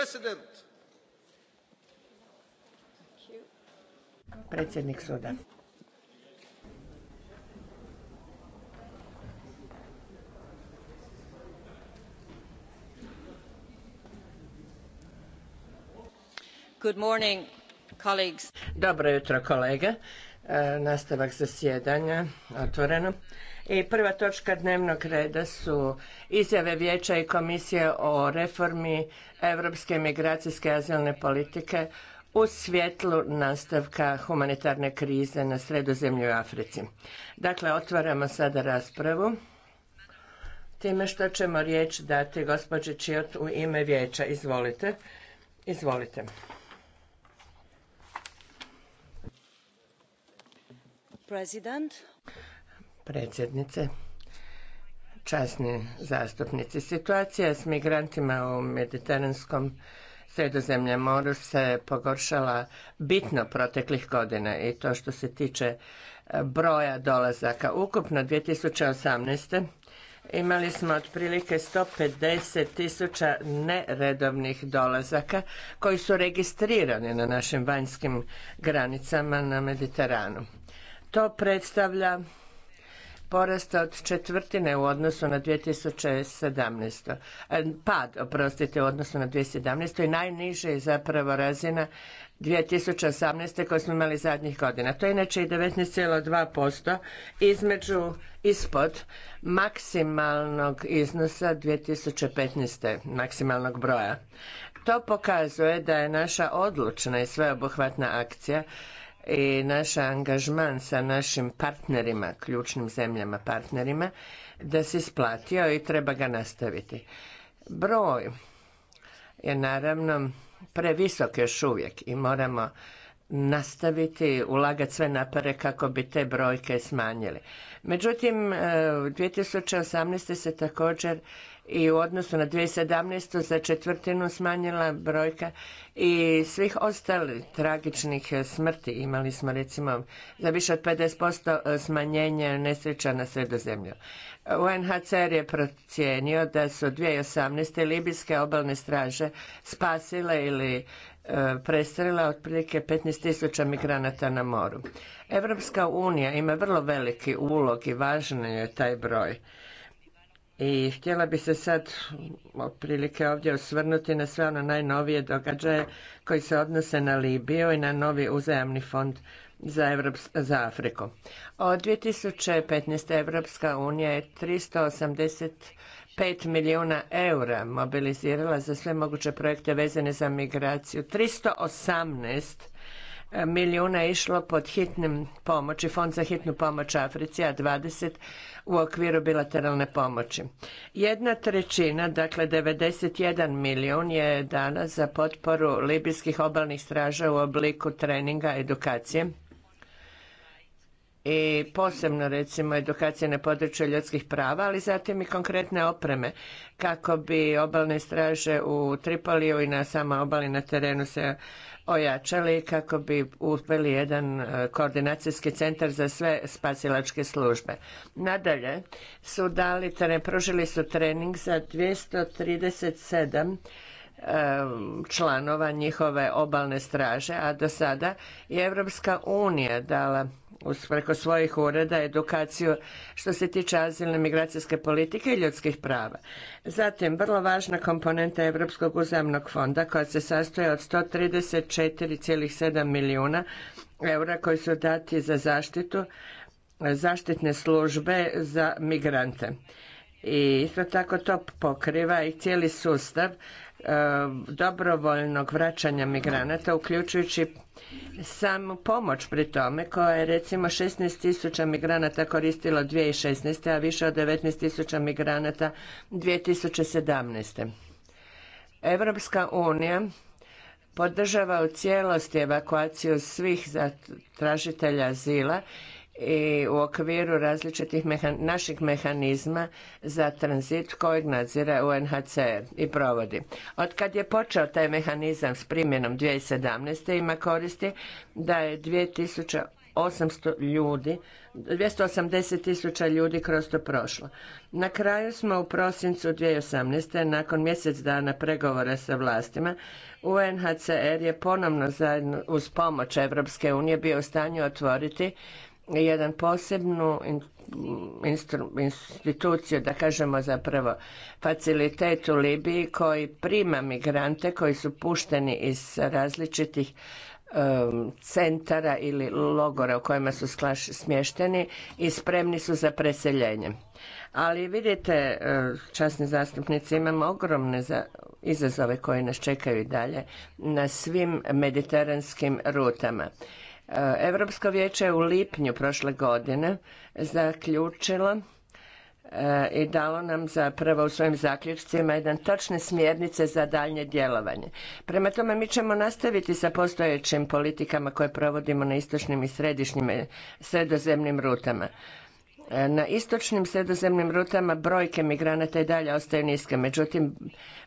president. Predsjednik suda. Good morning, colleagues. Dobro jutro kolege. E, nastavak zasjedanja otvoreno. I prva točka dnevnog reda su izjave Vijeća i Komisije o reformi Europske migracijske azilne politike u svjetlu nastavka humanitarne krize na Sredozemlju i Africi. Dakle, otvaramo sada raspravu time što ćemo riječ dati gospođi Čijot u ime Vijeća. Izvolite. Izvolite. Predsjednice, časni zastupnici. Situacija s migrantima u mediteranskom sredozemlje moru se pogoršala bitno proteklih godina i to što se tiče e, broja dolazaka. Ukupno 2018. imali smo otprilike 150 tisuća neredovnih dolazaka koji su registrirani na našim vanjskim granicama na Mediteranu. To predstavlja porast od četvrtine u odnosu na 2017. E, pad, oprostite, u odnosu na 2017. i najniže je zapravo razina 2018. koju smo imali zadnjih godina. To je inače i 19,2% između ispod maksimalnog iznosa 2015. maksimalnog broja. To pokazuje da je naša odlučna i sveobuhvatna akcija i naš angažman sa našim partnerima, ključnim zemljama partnerima, da se isplatio i treba ga nastaviti. Broj je naravno previsok još uvijek i moramo nastaviti ulagati sve napore kako bi te brojke smanjili. Međutim, 2018. E, se također i u odnosu na 2017. za četvrtinu smanjila brojka i svih ostalih tragičnih smrti. Imali smo recimo za više od 50% smanjenje nesreća na sredozemlju. UNHCR je procijenio da su 2018. libijske obalne straže spasile ili e, prestrela otprilike 15.000 migranata na moru. Evropska unija ima vrlo veliki ulog i važan je taj broj. I htjela bi se sad otprilike ovdje osvrnuti na sve ono najnovije događaje koji se odnose na Libiju i na novi uzajamni fond za, Evrops za Afriku. Od 2015. Evropska unija je 385 milijuna eura mobilizirala za sve moguće projekte vezane za migraciju. 318 milijuna je išlo pod hitnim pomoći, fond za hitnu pomoć Africi, a u okviru bilateralne pomoći. Jedna trećina, dakle 91 milijun je dana za potporu libijskih obalnih straža u obliku treninga, edukacije i posebno recimo edukacije na području ljudskih prava, ali zatim i konkretne opreme kako bi obalne straže u Tripoliju i na sama obali na terenu se ojačali kako bi uspjeli jedan e, koordinacijski centar za sve spasilačke službe. Nadalje su dali, pružili su trening za 237 e, članova njihove obalne straže, a do sada je Evropska unija dala preko svojih ureda edukaciju što se tiče azilne migracijske politike i ljudskih prava. Zatim, vrlo važna komponenta Europskog uzemnog fonda koja se sastoje od 134,7 milijuna eura koji su dati za zaštitu zaštitne službe za migrante. I isto tako to pokriva i cijeli sustav E, dobrovoljnog vraćanja migranata, uključujući samu pomoć pri tome, koja je recimo 16.000 migranata koristilo 2016. a više od 19.000 migranata 2017. Evropska unija podržava u cijelosti evakuaciju svih tražitelja azila i u okviru različitih naših mehanizma za tranzit kojeg nadzire UNHCR i provodi. Od kad je počeo taj mehanizam s primjenom 2017. ima koristi da je 2800 ljudi, 280 tisuća ljudi kroz to prošlo. Na kraju smo u prosincu 2018. nakon mjesec dana pregovora sa vlastima, UNHCR je ponovno zajedno uz pomoć Evropske unije bio u stanju otvoriti jedan posebnu instituciju, da kažemo zapravo facilitet u Libiji koji prima migrante koji su pušteni iz različitih um, centara ili logora u kojima su smješteni i spremni su za preseljenje. Ali vidite, uh, časni zastupnici, imamo ogromne izazove koje nas čekaju i dalje na svim mediteranskim rutama. Europsko vijeće je u lipnju prošle godine zaključilo e, i dalo nam zapravo u svojim zaključcima jedan točne smjernice za daljnje djelovanje. Prema tome mi ćemo nastaviti sa postojećim politikama koje provodimo na istočnim i središnjim sredozemnim rutama. E, na istočnim sredozemnim rutama brojke migranata i dalje ostaju niske, međutim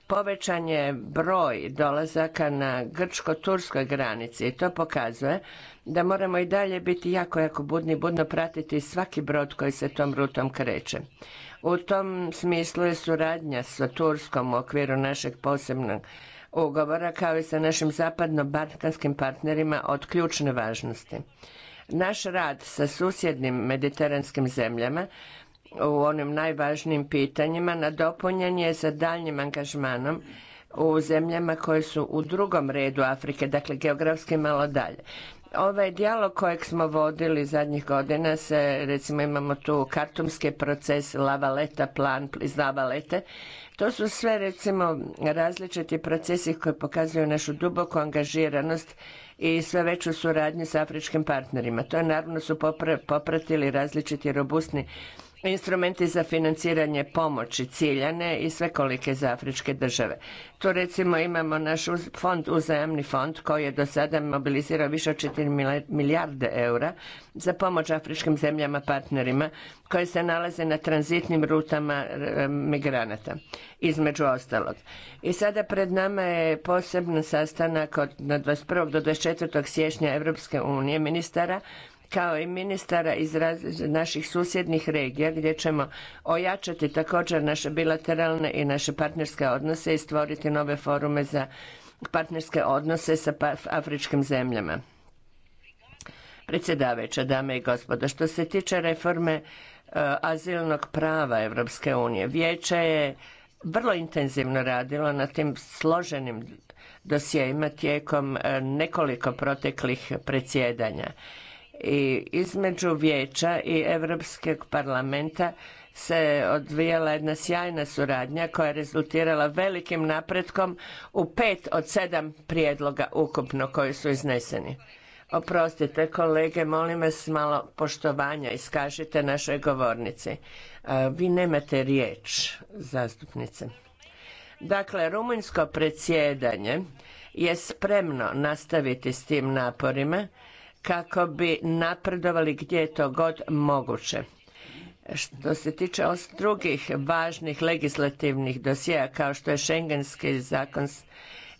Povećan je broj dolazaka na grčko-turskoj granici i to pokazuje da moramo i dalje biti jako, jako budni, budno pratiti svaki brod koji se tom rutom kreće. U tom smislu je suradnja sa Turskom u okviru našeg posebnog ugovora kao i sa našim zapadno-balkanskim partnerima od ključne važnosti. Naš rad sa susjednim mediteranskim zemljama u onim najvažnijim pitanjima nadopunjen je sa daljnjim angažmanom u zemljama koje su u drugom redu Afrike, dakle geografski malo dalje. Ovaj dijalog kojeg smo vodili zadnjih godina se, recimo imamo tu kartumski proces, lavaleta, plan iz lavalete, to su sve recimo različiti procesi koji pokazuju našu duboku angažiranost i sve veću suradnju s afričkim partnerima. To je naravno su popratili različiti robustni instrumenti za financiranje pomoći ciljane i svekolike za afričke države. Tu recimo imamo naš fond, uzajamni fond koji je do sada mobilizirao više od 4 milijarde eura za pomoć afričkim zemljama partnerima koje se nalaze na tranzitnim rutama migranata, između ostalog. I sada pred nama je posebna sastanak od na 21. do 24. siječnja Europske unije ministara kao i ministara iz naših susjednih regija gdje ćemo ojačati također naše bilateralne i naše partnerske odnose i stvoriti nove forume za partnerske odnose sa pa- afričkim zemljama. Predsjedavajuća, dame i gospodo, što se tiče reforme e, azilnog prava Europske unije, vijeće je vrlo intenzivno radilo na tim složenim dosjeima tijekom e, nekoliko proteklih predsjedanja i između vijeća i Europskog parlamenta se odvijala jedna sjajna suradnja koja je rezultirala velikim napretkom u pet od sedam prijedloga ukupno koji su izneseni. Oprostite kolege, molim vas malo poštovanja iskažite našoj govornici. E, vi nemate riječ, zastupnice. Dakle, rumunjsko predsjedanje je spremno nastaviti s tim naporima kako bi napredovali gdje je to god moguće. Što se tiče drugih važnih legislativnih dosjea kao što je Schengenski zakon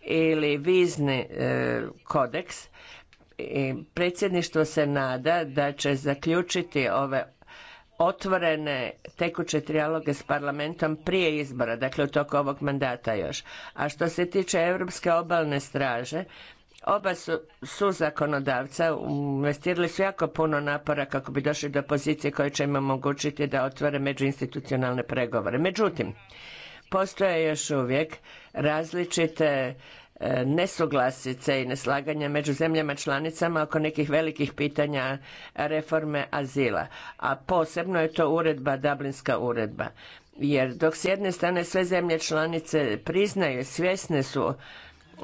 ili vizni e, kodeks, i predsjedništvo se nada da će zaključiti ove otvorene tekuće trijaloge s parlamentom prije izbora, dakle u toku ovog mandata još. A što se tiče Europske obalne straže, Oba su, zakonodavca investirali su jako puno napora kako bi došli do pozicije koje će im omogućiti da otvore međuinstitucionalne pregovore. Međutim, postoje još uvijek različite e, nesuglasice i neslaganja među zemljama članicama oko nekih velikih pitanja reforme azila, a posebno je to uredba, Dublinska uredba. Jer dok s jedne strane sve zemlje članice priznaju, svjesne su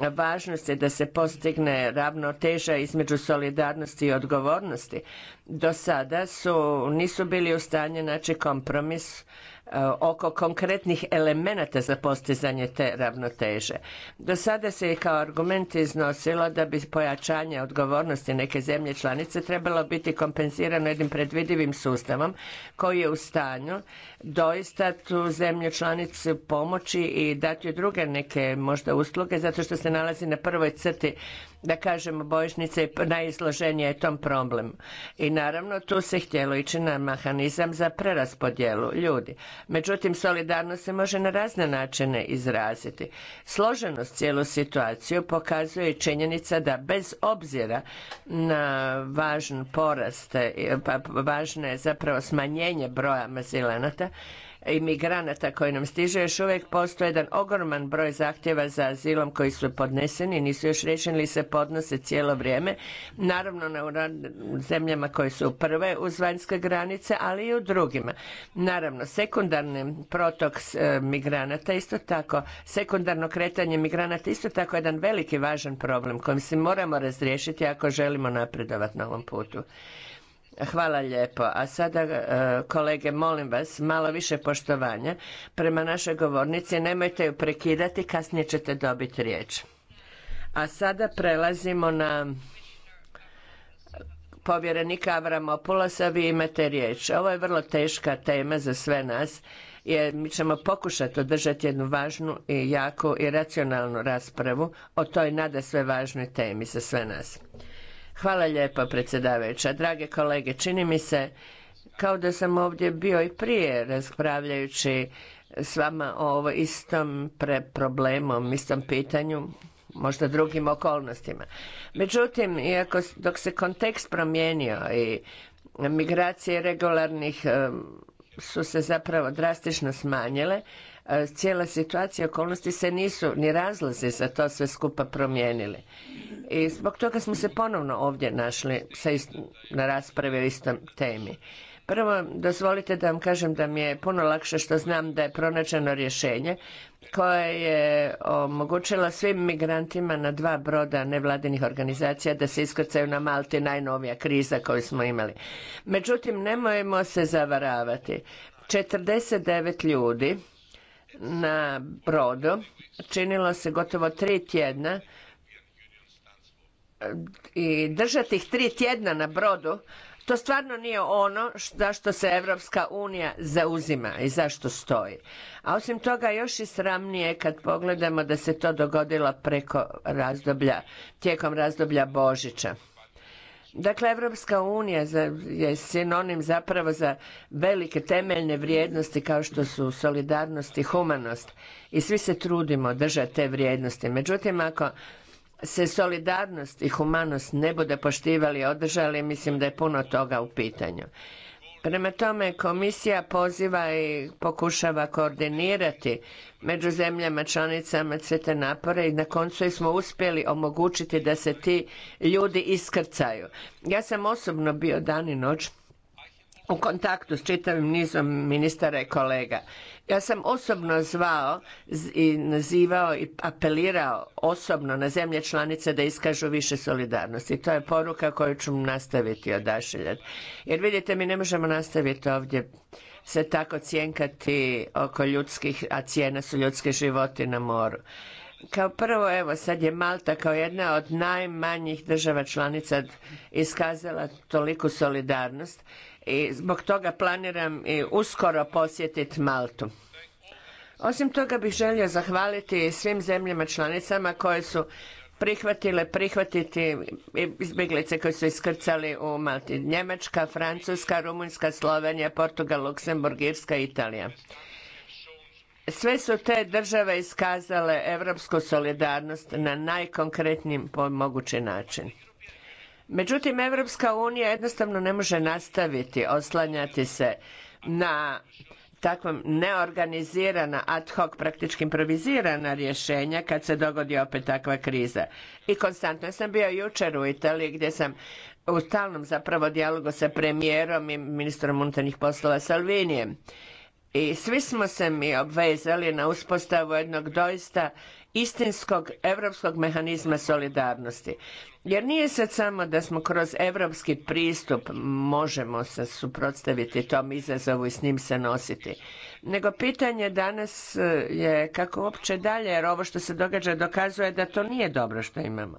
važnost je da se postigne ravnoteža između solidarnosti i odgovornosti do sada su, nisu bili u stanju naći kompromis e, oko konkretnih elemenata za postizanje te ravnoteže. Do sada se je kao argument iznosilo da bi pojačanje odgovornosti neke zemlje članice trebalo biti kompenzirano jednim predvidivim sustavom koji je u stanju doista tu zemlju članicu pomoći i dati druge neke možda usluge zato što se nalazi na prvoj crti da kažemo bojišnice najizloženija je tom problem. I naravno tu se htjelo ići na mehanizam za preraspodjelu ljudi. Međutim, solidarnost se može na razne načine izraziti. Složenost cijelu situaciju pokazuje činjenica da bez obzira na važan porast, pa važne zapravo smanjenje broja mazilenata imigranata koji nam stiže, još uvijek postoji jedan ogroman broj zahtjeva za azilom koji su podneseni, i nisu još riješeni ili se podnose cijelo vrijeme. Naravno na zemljama koje su prve uz vanjske granice, ali i u drugima. Naravno, sekundarni protok e, migranata isto tako, sekundarno kretanje migranata isto tako jedan veliki važan problem kojim se moramo razriješiti ako želimo napredovati na ovom putu. Hvala lijepo. A sada, e, kolege, molim vas, malo više poštovanja prema našoj govornici. Nemojte ju prekidati, kasnije ćete dobiti riječ. A sada prelazimo na povjerenika Avramopulosa. Vi imate riječ. Ovo je vrlo teška tema za sve nas jer mi ćemo pokušati održati jednu važnu i jaku i racionalnu raspravu o toj nada sve važnoj temi za sve nas. Hvala lijepa predsjedavajuća. Drage kolege, čini mi se kao da sam ovdje bio i prije raspravljajući s vama o ovo istom pre problemom, istom pitanju, možda drugim okolnostima. Međutim, iako dok se kontekst promijenio i migracije regularnih su se zapravo drastično smanjile, E, cijela situacija okolnosti se nisu ni razlazi za to sve skupa promijenili. I zbog toga smo se ponovno ovdje našli na raspravi o istom temi. Prvo, dozvolite da vam kažem da mi je puno lakše što znam da je pronađeno rješenje koje je omogućila svim migrantima na dva broda nevladinih organizacija da se iskrcaju na Malti najnovija kriza koju smo imali. Međutim, nemojmo se zavaravati. 49 ljudi na brodu činilo se gotovo tri tjedna i držati ih tri tjedna na brodu to stvarno nije ono zašto se Evropska unija zauzima i zašto stoji. A osim toga još i sramnije kad pogledamo da se to dogodilo preko razdoblja, tijekom razdoblja Božića. Dakle, Evropska unija je sinonim zapravo za velike temeljne vrijednosti kao što su solidarnost i humanost. I svi se trudimo držati te vrijednosti. Međutim, ako se solidarnost i humanost ne bude poštivali i održali, mislim da je puno toga u pitanju. Prema tome, komisija poziva i pokušava koordinirati među zemljama članicama sve te napore i na koncu smo uspjeli omogućiti da se ti ljudi iskrcaju. Ja sam osobno bio dan i noć u kontaktu s čitavim nizom ministara i kolega. Ja sam osobno zvao i nazivao i apelirao osobno na zemlje članice da iskažu više solidarnosti. To je poruka koju ću nastaviti odašiljati. Jer vidite, mi ne možemo nastaviti ovdje se tako cjenkati oko ljudskih, a cijena su ljudski životi na moru. Kao prvo, evo, sad je Malta kao jedna od najmanjih država članica iskazala toliku solidarnost i zbog toga planiram i uskoro posjetiti Maltu. Osim toga bih želio zahvaliti svim zemljama članicama koje su prihvatile prihvatiti izbjeglice koje su iskrcali u Malti. Njemačka, Francuska, Rumunjska, Slovenija, Portugal, Luksemburg, Irska i Italija. Sve su te države iskazale europsku solidarnost na najkonkretniji mogući način. Međutim, Evropska unija jednostavno ne može nastaviti oslanjati se na takvom neorganizirana ad hoc praktički improvizirana rješenja kad se dogodi opet takva kriza. I konstantno ja sam bio jučer u Italiji gdje sam u stalnom zapravo dijalogu sa premijerom i ministrom unutarnjih poslova Salvinijem i svi smo se mi obvezali na uspostavu jednog doista istinskog europskog mehanizma solidarnosti. Jer nije sad samo da smo kroz europski pristup možemo se suprotstaviti tom izazovu i s njim se nositi. Nego pitanje danas e, je kako uopće dalje, jer ovo što se događa dokazuje da to nije dobro što imamo.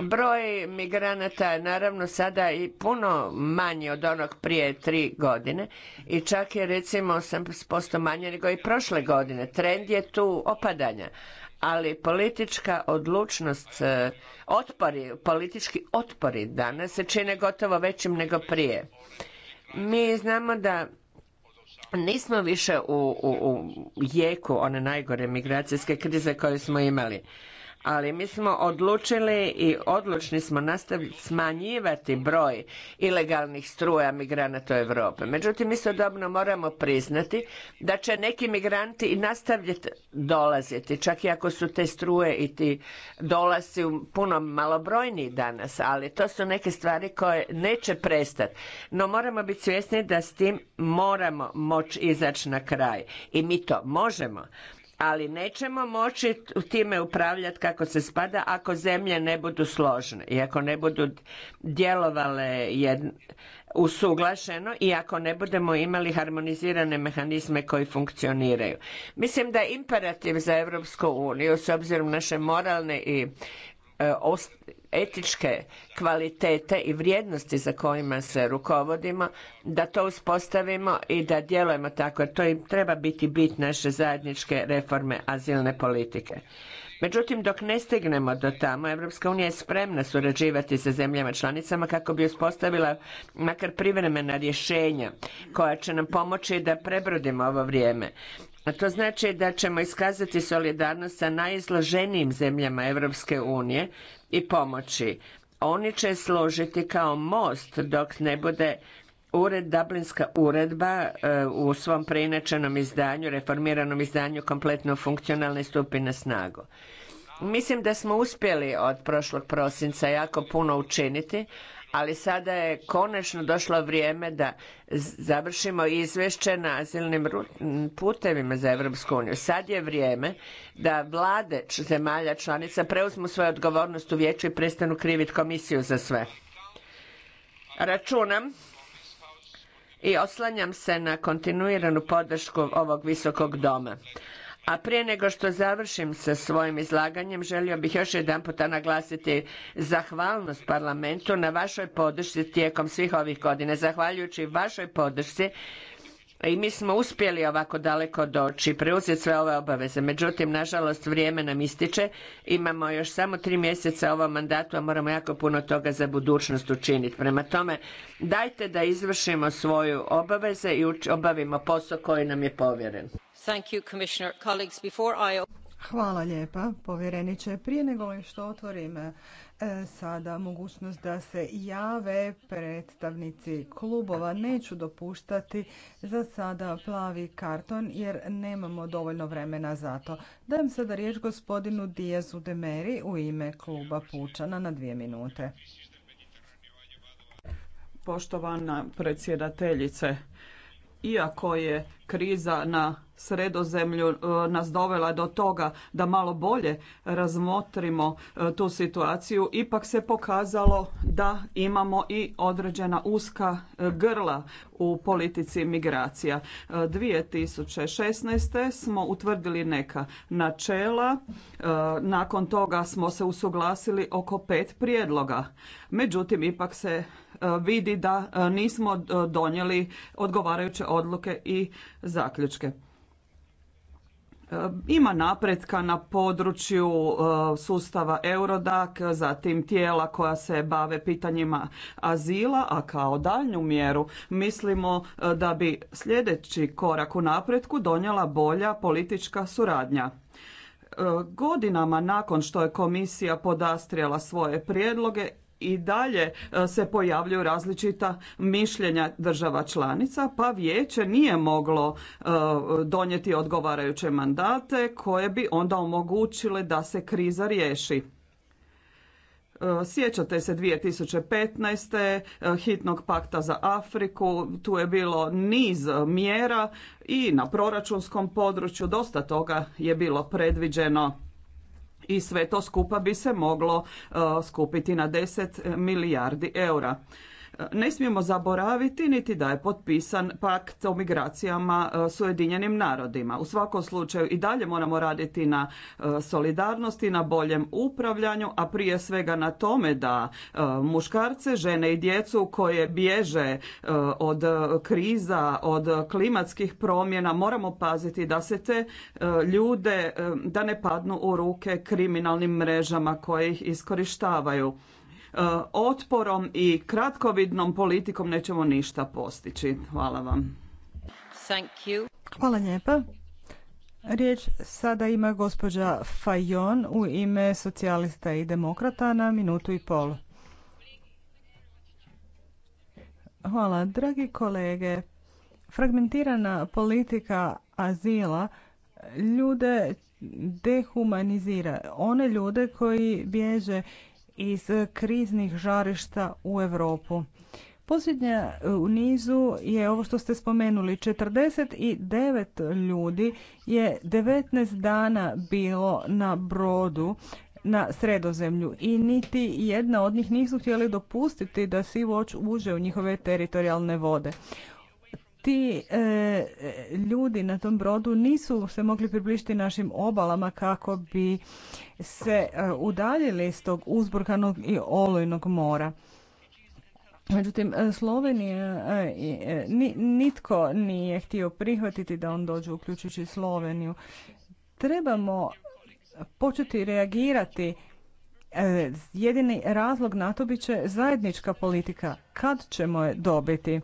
Broj migranata je naravno sada i puno manji od onog prije tri godine i čak je recimo 80% manje nego i prošle godine. Trend je tu opadanja, ali politička odlučnost, e, otpori, politički otpori danas se čine gotovo većim nego prije. Mi znamo da nismo više u, u, u jeku one najgore migracijske krize koje smo imali ali mi smo odlučili i odlučni smo nastaviti smanjivati broj ilegalnih struja migranata u Europi. Međutim, istodobno moramo priznati da će neki migranti i nastavljati dolaziti, čak i ako su te struje i ti dolasi puno malobrojniji danas, ali to su neke stvari koje neće prestati. No moramo biti svjesni da s tim moramo moći izaći na kraj i mi to možemo ali nećemo moći time upravljati kako se spada ako zemlje ne budu složne i ako ne budu djelovale usuglašeno i ako ne budemo imali harmonizirane mehanizme koji funkcioniraju. Mislim da je imperativ za Europsku uniju s obzirom naše moralne i e, etičke kvalitete i vrijednosti za kojima se rukovodimo, da to uspostavimo i da djelujemo tako, to im treba biti bit naše zajedničke reforme azilne politike. Međutim, dok ne stignemo do tamo, Europska unija je spremna surađivati sa zemljama članicama kako bi uspostavila makar privremena rješenja koja će nam pomoći da prebrodimo ovo vrijeme. A to znači da ćemo iskazati solidarnost sa najizloženijim zemljama Europske unije i pomoći. Oni će složiti kao most dok ne bude ured, Dublinska uredba e, u svom preinačenom izdanju, reformiranom izdanju kompletno funkcionalne stupi na snagu. Mislim da smo uspjeli od prošlog prosinca jako puno učiniti, ali sada je konačno došlo vrijeme da završimo izvješće na azilnim putevima za Evropsku uniju. Sad je vrijeme da vlade zemalja članica preuzmu svoju odgovornost u vijeću i prestanu kriviti komisiju za sve. Računam i oslanjam se na kontinuiranu podršku ovog visokog doma. A prije nego što završim sa svojim izlaganjem, želio bih još jedanput puta naglasiti zahvalnost parlamentu na vašoj podršci tijekom svih ovih godina. Zahvaljujući vašoj podršci i mi smo uspjeli ovako daleko doći, preuzeti sve ove obaveze. Međutim, nažalost, vrijeme nam ističe. Imamo još samo tri mjeseca ovom mandatu, a moramo jako puno toga za budućnost učiniti. Prema tome, dajte da izvršimo svoju obaveze i obavimo posao koji nam je povjeren. Hvala lijepa, povjereniče. Prije nego što otvorim e, sada mogućnost da se jave predstavnici klubova, neću dopuštati za sada plavi karton jer nemamo dovoljno vremena za to. Dajem sada riječ gospodinu de Demeri u ime kluba Pučana na dvije minute. Poštovana predsjedateljice, iako je kriza na sredozemlju e, nas dovela do toga da malo bolje razmotrimo e, tu situaciju, ipak se pokazalo da imamo i određena uska e, grla u politici migracija. 2016. smo utvrdili neka načela, nakon toga smo se usuglasili oko pet prijedloga. Međutim, ipak se E, vidi da e, nismo e, donijeli odgovarajuće odluke i zaključke. Ima napretka na području sustava Eurodac, zatim tijela koja se bave pitanjima azila, a kao daljnju mjeru mislimo da bi sljedeći korak u napretku donijela bolja politička suradnja. Godinama nakon što je komisija podastrijala svoje prijedloge, i dalje e, se pojavljuju različita mišljenja država članica, pa vijeće nije moglo e, donijeti odgovarajuće mandate koje bi onda omogućile da se kriza riješi. E, sjećate se 2015. hitnog pakta za Afriku, tu je bilo niz mjera i na proračunskom području dosta toga je bilo predviđeno i sve to skupa bi se moglo e, skupiti na 10 milijardi eura. Ne smijemo zaboraviti niti da je potpisan pakt o migracijama e, s Ujedinjenim narodima. U svakom slučaju i dalje moramo raditi na e, solidarnosti, na boljem upravljanju, a prije svega na tome da e, muškarce, žene i djecu koje bježe od kriza, od klimatskih promjena, moramo paziti da se te ljude, da ne padnu u ruke kriminalnim mrežama koje ih iskorištavaju. E, otporom i kratkovidnom politikom nećemo ništa postići. Hvala vam. Thank you. Hvala lijepa. Riječ sada ima gospođa Fajon u ime socijalista i demokrata na minutu i pol. Hvala, dragi kolege. Fragmentirana politika azila ljude dehumanizira. One ljude koji bježe iz kriznih žarišta u Europu. Posljednja e, u nizu je ovo što ste spomenuli. 49 ljudi je 19 dana bilo na brodu na sredozemlju i niti jedna od njih nisu htjeli dopustiti da Sea Watch uđe u njihove teritorijalne vode ti e, ljudi na tom brodu nisu se mogli približiti našim obalama kako bi se e, udaljili iz tog uzburkanog i olojnog mora. Međutim, e, Slovenija, nitko nije htio prihvatiti da on dođe uključujući Sloveniju. Trebamo početi reagirati jedini razlog na to bit zajednička politika. Kad ćemo je dobiti?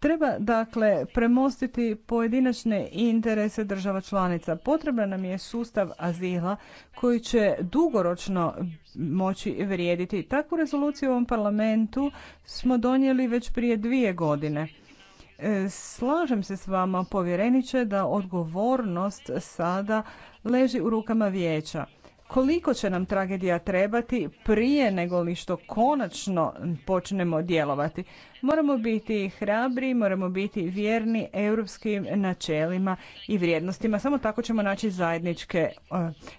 Treba dakle premostiti pojedinačne interese država članica. Potreban nam je sustav azila koji će dugoročno moći vrijediti. Takvu rezoluciju u ovom parlamentu smo donijeli već prije dvije godine. E, slažem se s vama povjereniče da odgovornost sada leži u rukama vijeća koliko će nam tragedija trebati prije nego li što konačno počnemo djelovati. Moramo biti hrabri, moramo biti vjerni europskim načelima i vrijednostima. Samo tako ćemo naći zajedničke e,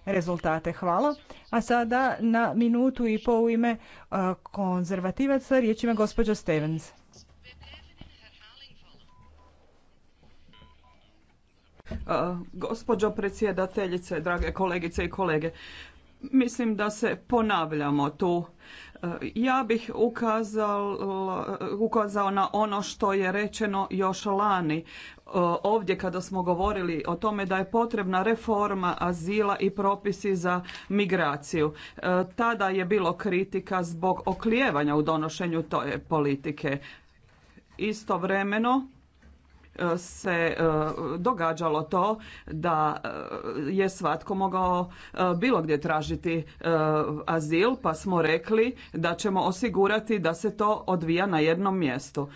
rezultate. Hvala. A sada na minutu i po u ime e, konzervativaca riječ ima gospođa Stevens. Gospođo predsjedateljice, drage kolegice i kolege, mislim da se ponavljamo tu. Ja bih ukazal, ukazao na ono što je rečeno još lani ovdje kada smo govorili o tome da je potrebna reforma azila i propisi za migraciju. Tada je bilo kritika zbog oklijevanja u donošenju te politike. Istovremeno se e, događalo to da e, je svatko mogao e, bilo gdje tražiti azil pa smo rekli da ćemo osigurati da se to odvija na jednom mjestu.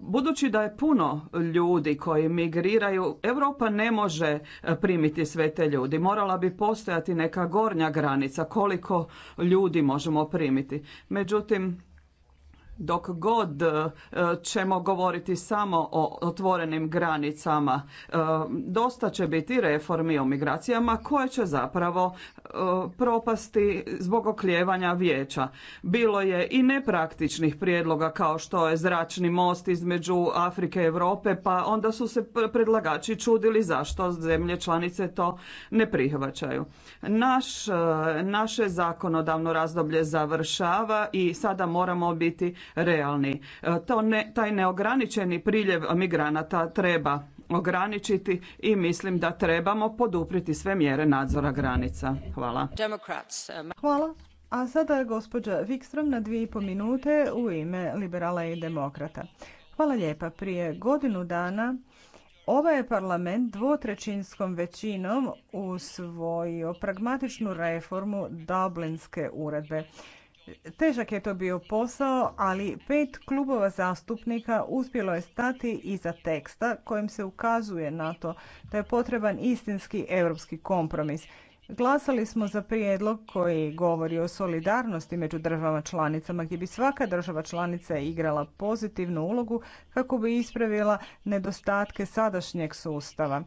Budući da je puno ljudi koji migriraju, Europa ne može primiti sve te ljudi. Morala bi postojati neka gornja granica koliko ljudi možemo primiti. Međutim, dok god e, ćemo govoriti samo o otvorenim granicama, e, dosta će biti reformi o migracijama koje će zapravo e, propasti zbog okljevanja vijeća. Bilo je i nepraktičnih prijedloga kao što je zračni most između Afrike i Europe, pa onda su se predlagači čudili zašto zemlje članice to ne prihvaćaju. Naš, naše zakonodavno razdoblje završava i sada moramo biti realni. E, to taj neograničeni priljev migranata treba ograničiti i mislim da trebamo poduprijeti sve mjere nadzora granica. Hvala. Uh, Hvala. A sada je gospođa Vikstrom na dvije i po minute u ime liberala i demokrata. Hvala lijepa. Prije godinu dana Ovaj je parlament dvotrećinskom većinom usvojio pragmatičnu reformu Dublinske uredbe. Težak je to bio posao, ali pet klubova zastupnika uspjelo je stati iza teksta kojim se ukazuje na to da je potreban istinski europski kompromis. Glasali smo za prijedlog koji govori o solidarnosti među državama članicama gdje bi svaka država članica igrala pozitivnu ulogu kako bi ispravila nedostatke sadašnjeg sustava.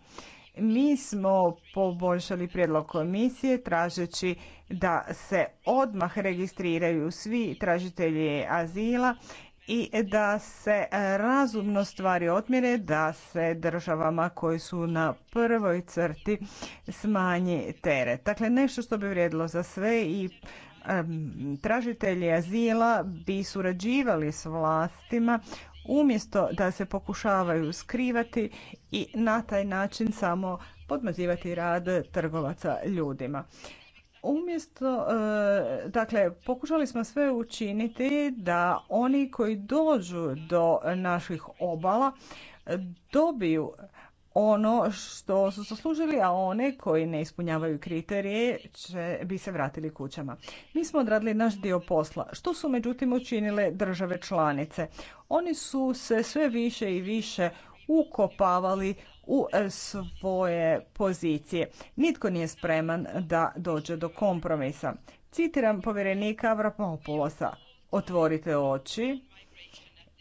Mi smo poboljšali prijedlog komisije tražeći da se odmah registriraju svi tražitelji azila i da se razumno stvari otmjere, da se državama koje su na prvoj crti smanji teret. Dakle, nešto što bi vrijedilo za sve i tražitelji azila bi surađivali s vlastima umjesto da se pokušavaju skrivati i na taj način samo podmazivati rad trgovaca ljudima. Umjesto, e, dakle, pokušali smo sve učiniti da oni koji dođu do naših obala dobiju ono što su zaslužili, a one koji ne ispunjavaju kriterije će, bi se vratili kućama. Mi smo odradili naš dio posla. Što su međutim učinile države članice? Oni su se sve više i više ukopavali u svoje pozicije. Nitko nije spreman da dođe do kompromisa. Citiram povjerenika Avramopulosa. Otvorite oči,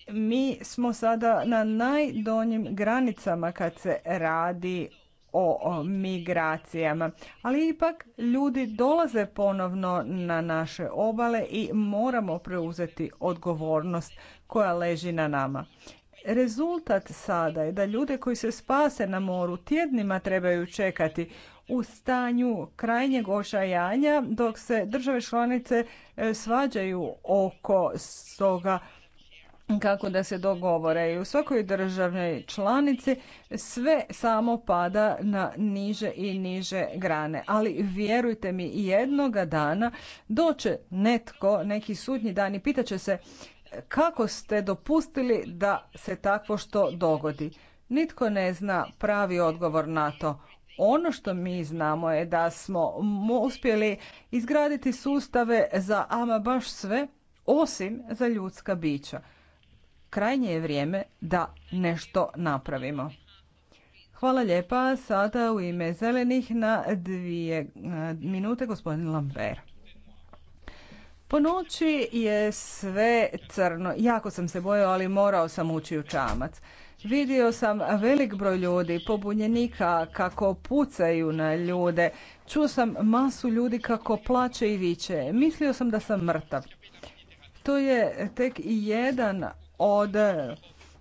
mi smo sada na najdonjim granicama kad se radi o, migracijama. Ali ipak ljudi dolaze ponovno na naše obale i moramo preuzeti odgovornost koja leži na nama. Rezultat sada je da ljude koji se spase na moru tjednima trebaju čekati u stanju krajnjeg ošajanja dok se države članice e, svađaju oko toga kako da se dogovore i u svakoj državnoj članici sve samo pada na niže i niže grane. Ali vjerujte mi, jednoga dana doće netko, neki sudnji dan i pitaće se kako ste dopustili da se takvo što dogodi. Nitko ne zna pravi odgovor na to. Ono što mi znamo je da smo uspjeli izgraditi sustave za ama baš sve, osim za ljudska bića krajnje je vrijeme da nešto napravimo. Hvala lijepa. Sada u ime zelenih na dvije minute gospodin Lambert. Po noći je sve crno. Jako sam se bojao, ali morao sam ući u čamac. Vidio sam velik broj ljudi, pobunjenika kako pucaju na ljude. Čuo sam masu ljudi kako plače i viče. Mislio sam da sam mrtav. To je tek jedan od e,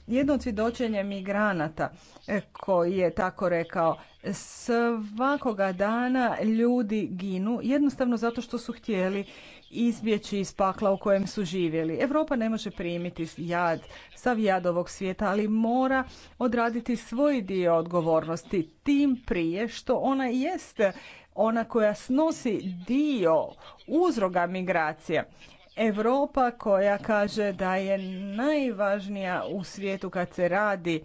jedno svjedočenja migranata e, koji je tako rekao svakoga dana ljudi ginu jednostavno zato što su htjeli izbjeći iz pakla u kojem su živjeli. Europa ne može primiti jad, sav jad ovog svijeta, ali mora odraditi svoj dio odgovornosti tim prije što ona jest ona koja snosi dio uzroga migracije. Europa koja kaže da je najvažnija u svijetu kad se radi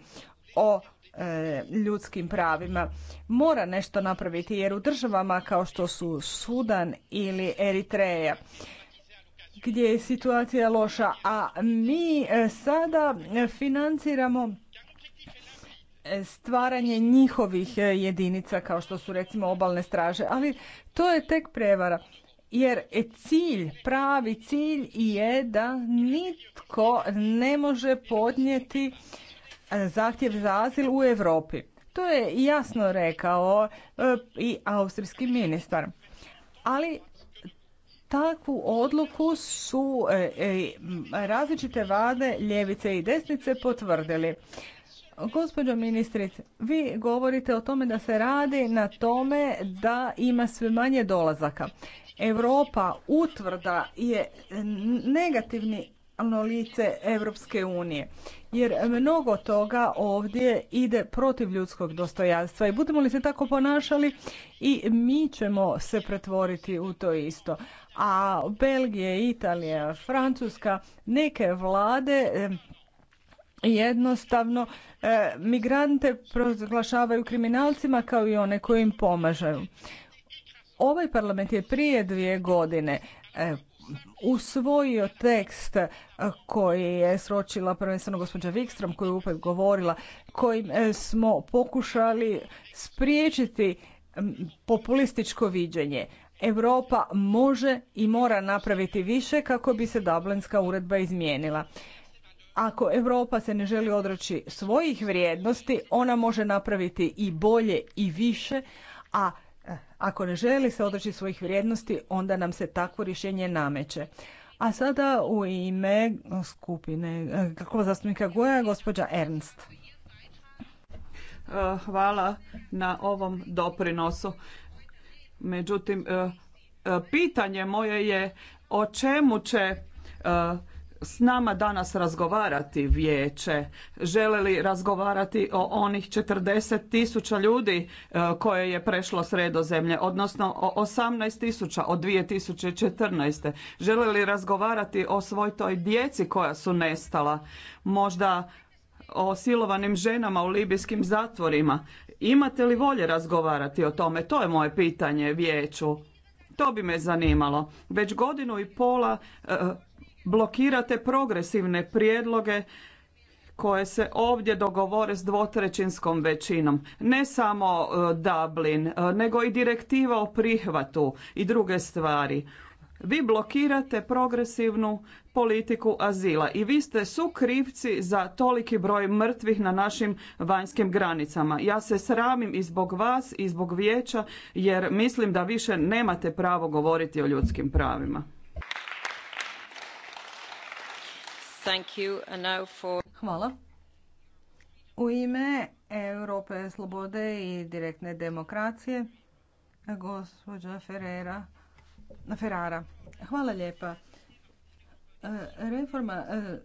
o e, ljudskim pravima mora nešto napraviti jer u državama kao što su Sudan ili Eritreja gdje je situacija loša, a mi e, sada financiramo e, stvaranje njihovih jedinica kao što su recimo obalne straže, ali to je tek prevara jer e, cilj, pravi cilj je da nitko ne može podnijeti e, zahtjev za azil u Europi. To je jasno rekao e, i austrijski ministar. Ali takvu odluku su e, e, različite vade ljevice i desnice potvrdili. Gospođo ministrice, vi govorite o tome da se radi na tome da ima sve manje dolazaka. Europa utvrda je negativni lice Europske unije. Jer mnogo toga ovdje ide protiv ljudskog dostojanstva i budemo li se tako ponašali i mi ćemo se pretvoriti u to isto a Belgije, Italija, Francuska, neke vlade jednostavno e, migrante proglašavaju kriminalcima kao i one koji im pomažu. Ovaj parlament je prije dvije godine e, usvojio tekst e, koji je sročila prvenstveno gospođa Vikstrom koju je upet govorila kojim smo pokušali spriječiti populističko viđenje Europa može i mora napraviti više kako bi se Dublinska uredba izmijenila. Ako Europa se ne želi odreći svojih vrijednosti, ona može napraviti i bolje i više, a eh, ako ne želi se odreći svojih vrijednosti, onda nam se takvo rješenje nameće. A sada u ime skupine eh, kluba zastupnika Goja, gospođa Ernst. Eh, hvala na ovom doprinosu. Međutim, e, e, pitanje moje je o čemu će e, s nama danas razgovarati vijeće? Žele li razgovarati o onih 40 tisuća ljudi koje je prešlo sredozemlje, odnosno o 18 tisuća od 2014. Žele li razgovarati o svoj toj djeci koja su nestala? Možda o silovanim ženama u libijskim zatvorima Imate li volje razgovarati o tome? To je moje pitanje vijeću. To bi me zanimalo. Već godinu i pola e, blokirate progresivne prijedloge koje se ovdje dogovore s dvotrećinskom većinom. Ne samo e, Dublin, e, nego i direktiva o prihvatu i druge stvari. Vi blokirate progresivnu politiku azila i vi ste krivci za toliki broj mrtvih na našim vanjskim granicama. Ja se sramim i zbog vas i zbog vijeća jer mislim da više nemate pravo govoriti o ljudskim pravima. Hvala. U ime Europe slobode i direktne demokracije, gospođa Ferreira Ferrara. Hvala lijepa. E, reforma e,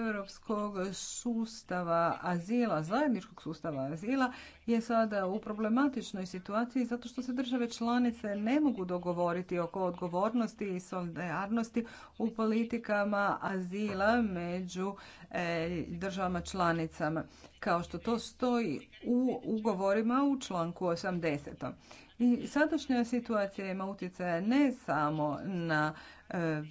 europskog sustava azila, zajedničkog sustava azila je sada u problematičnoj situaciji zato što se države članice ne mogu dogovoriti oko odgovornosti i solidarnosti u politikama azila među e, državama članicama, kao što to stoji u ugovorima u članku 80. I sadašnja situacija ima utjecaja ne samo na e,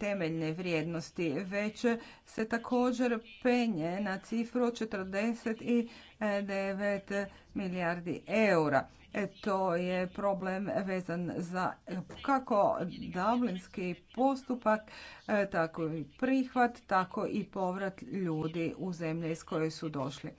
temeljne vrijednosti, već se također penje na cifru 49 milijardi eura. E, to je problem vezan za kako davlinski postupak, e, tako i prihvat, tako i povrat ljudi u zemlje iz koje su došli.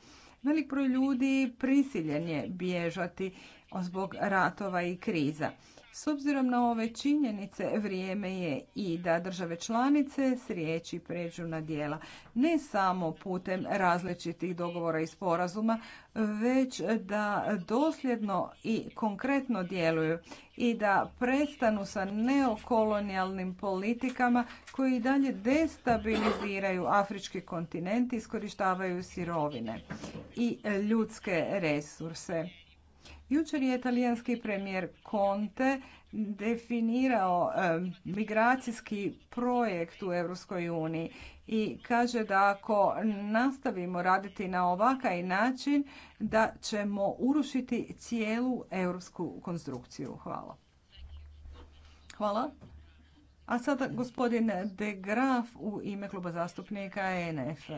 Velik broj ljudi prisiljen je bježati zbog ratova i kriza. S obzirom na ove činjenice, vrijeme je i da države članice s riječi pređu na dijela. Ne samo putem različitih dogovora i sporazuma, već da dosljedno i konkretno djeluju i da prestanu sa neokolonijalnim politikama koji i dalje destabiliziraju afrički kontinent i iskorištavaju sirovine i ljudske resurse. Jučer je italijanski premijer Conte definirao migracijski projekt u Europskoj uniji i kaže da ako nastavimo raditi na ovakav način da ćemo urušiti cijelu europsku konstrukciju. Hvala. Hvala. A sada gospodin De Graf u ime kluba zastupnika ENF.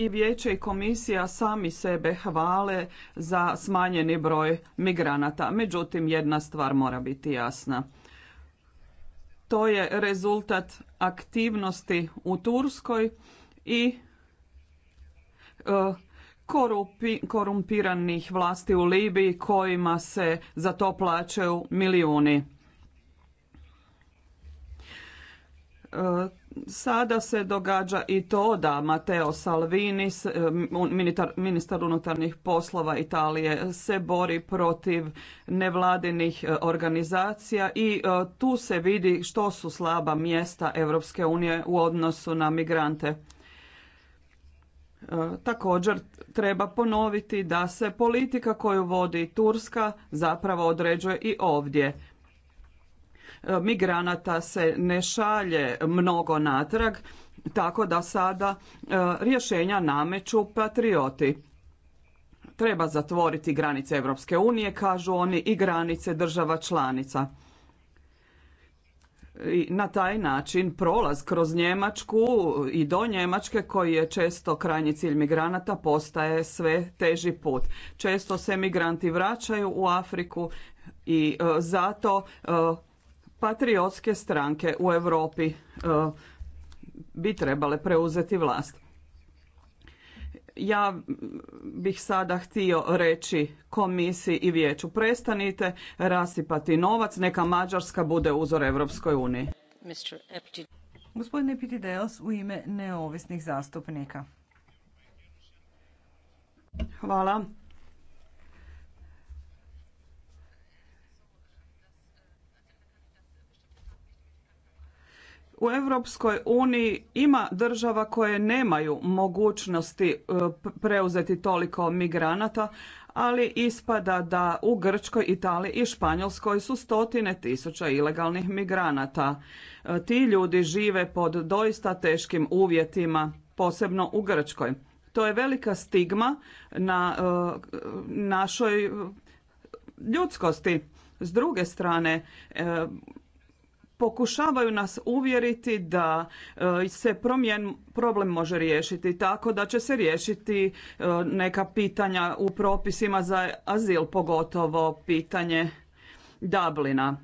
i vijeće i komisija sami sebe hvale za smanjeni broj migranata. Međutim, jedna stvar mora biti jasna. To je rezultat aktivnosti u Turskoj i e, korupi, korumpiranih vlasti u Libiji kojima se za to plaćaju milijuni. Sada se događa i to da Mateo Salvini, e, ministar unutarnjih poslova Italije, se bori protiv nevladinih e, organizacija i e, tu se vidi što su slaba mjesta Europske unije u odnosu na migrante. Također treba ponoviti da se politika koju vodi Turska zapravo određuje i ovdje E, migranata se ne šalje mnogo natrag, tako da sada e, rješenja nameću patrioti. Treba zatvoriti granice Europske unije, kažu oni, i granice država članica. I na taj način prolaz kroz Njemačku i do Njemačke koji je često krajnji cilj migranata postaje sve teži put. Često se migranti vraćaju u Afriku i e, zato patriotske stranke u Europi e, bi trebale preuzeti vlast. Ja bih sada htio reći komisiji i vijeću prestanite rasipati novac, neka Mađarska bude uzor Europskoj uniji. Gospodine Pitideos u ime neovisnih zastupnika. Hvala. U Europskoj uniji ima država koje nemaju mogućnosti e, preuzeti toliko migranata, ali ispada da u Grčkoj, Italiji i Španjolskoj su stotine tisuća ilegalnih migranata. E, ti ljudi žive pod doista teškim uvjetima, posebno u Grčkoj. To je velika stigma na e, našoj ljudskosti. S druge strane, pokušavaju nas uvjeriti da e, se promjen, problem može riješiti tako da će se riješiti e, neka pitanja u propisima za azil, pogotovo pitanje Dublina.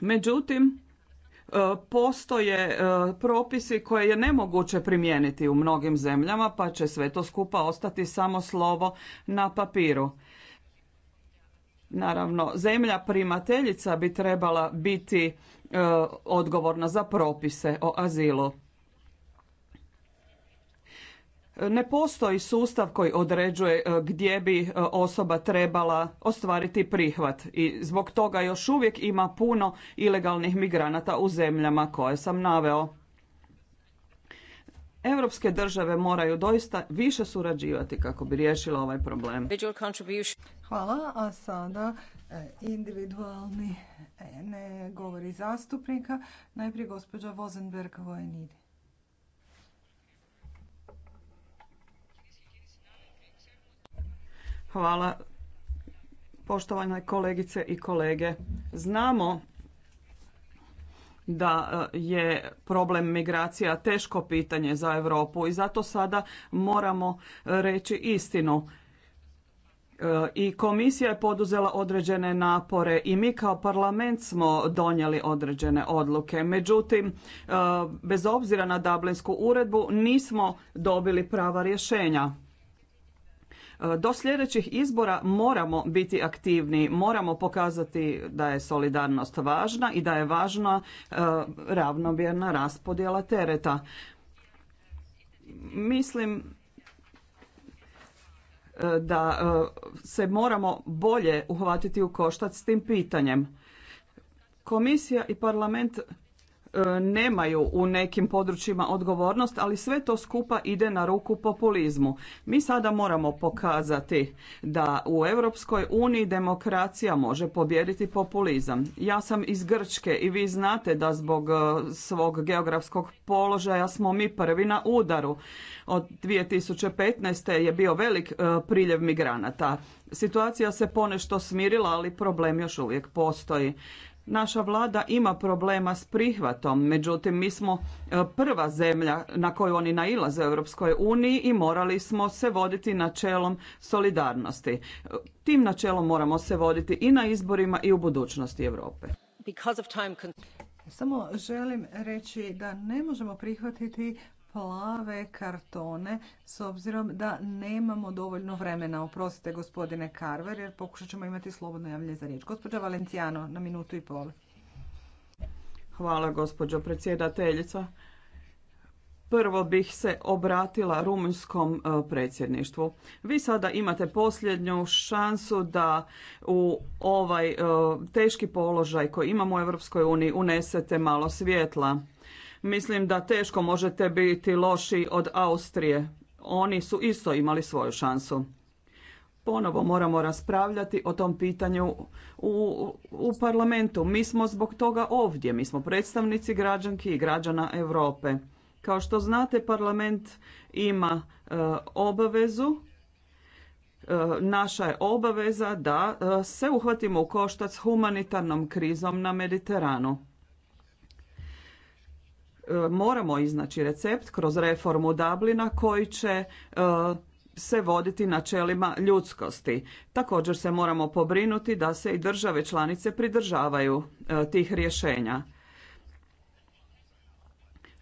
Međutim, e, postoje propisi koje je nemoguće primijeniti u mnogim zemljama, pa će sve to skupa ostati samo slovo na papiru. Naravno, zemlja primateljica bi trebala biti e, odgovorna za propise o azilu. Ne postoji sustav koji određuje e, gdje bi e, osoba trebala ostvariti prihvat i zbog toga još uvijek ima puno ilegalnih migranata u zemljama koje sam naveo. Europske države moraju doista više surađivati kako bi riješila ovaj problem. Hvala, a sada e, individualni e, ne govori zastupnika. Najprije gospođa Vozenberg Vojenidi. Hvala, poštovane kolegice i kolege. Znamo da e, je problem migracija teško pitanje za Europu i zato sada moramo reći istinu. E, I komisija je poduzela određene napore i mi kao parlament smo donijeli određene odluke. Međutim, e, bez obzira na Dublinsku uredbu nismo dobili prava rješenja. E, do sljedećih izbora moramo biti aktivni, moramo pokazati da je solidarnost važna i da je važna e, ravnomjerna raspodjela tereta. Mislim e, da se moramo bolje uhvatiti u koštac s tim pitanjem. Komisija i parlament E, nemaju u nekim područjima odgovornost, ali sve to skupa ide na ruku populizmu. Mi sada moramo pokazati da u Europskoj uniji demokracija može pobijediti populizam. Ja sam iz Grčke i vi znate da zbog e, svog geografskog položaja smo mi prvi na udaru. Od 2015. je bio velik e, priljev migranata. Situacija se ponešto smirila, ali problem još uvijek postoji. Naša vlada ima problema s prihvatom, međutim mi smo e, prva zemlja na koju oni nailaze u Europskoj uniji i morali smo se voditi načelom solidarnosti. E, tim načelom moramo se voditi i na izborima i u budućnosti Europe. Samo želim reći da ne možemo prihvatiti plave kartone s obzirom da nemamo dovoljno vremena. Oprostite gospodine Carver jer pokušat ćemo imati slobodno javlje za riječ. Gospođa Valencijano, na minutu i pol. Hvala gospođo predsjedateljica. Prvo bih se obratila rumunjskom e, predsjedništvu. Vi sada imate posljednju šansu da u ovaj e, teški položaj koji imamo u Europskoj uniji unesete malo svjetla. Mislim da teško možete biti loši od Austrije. Oni su isto imali svoju šansu. Ponovo moramo raspravljati o tom pitanju u, u parlamentu. Mi smo zbog toga ovdje. Mi smo predstavnici građanki i građana Europe. Kao što znate, parlament ima e, obavezu e, naša je obaveza da e, se uhvatimo u koštac humanitarnom krizom na Mediteranu moramo iznaći recept kroz reformu Dublina koji će e, se voditi načelima ljudskosti. Također se moramo pobrinuti da se i države članice pridržavaju e, tih rješenja.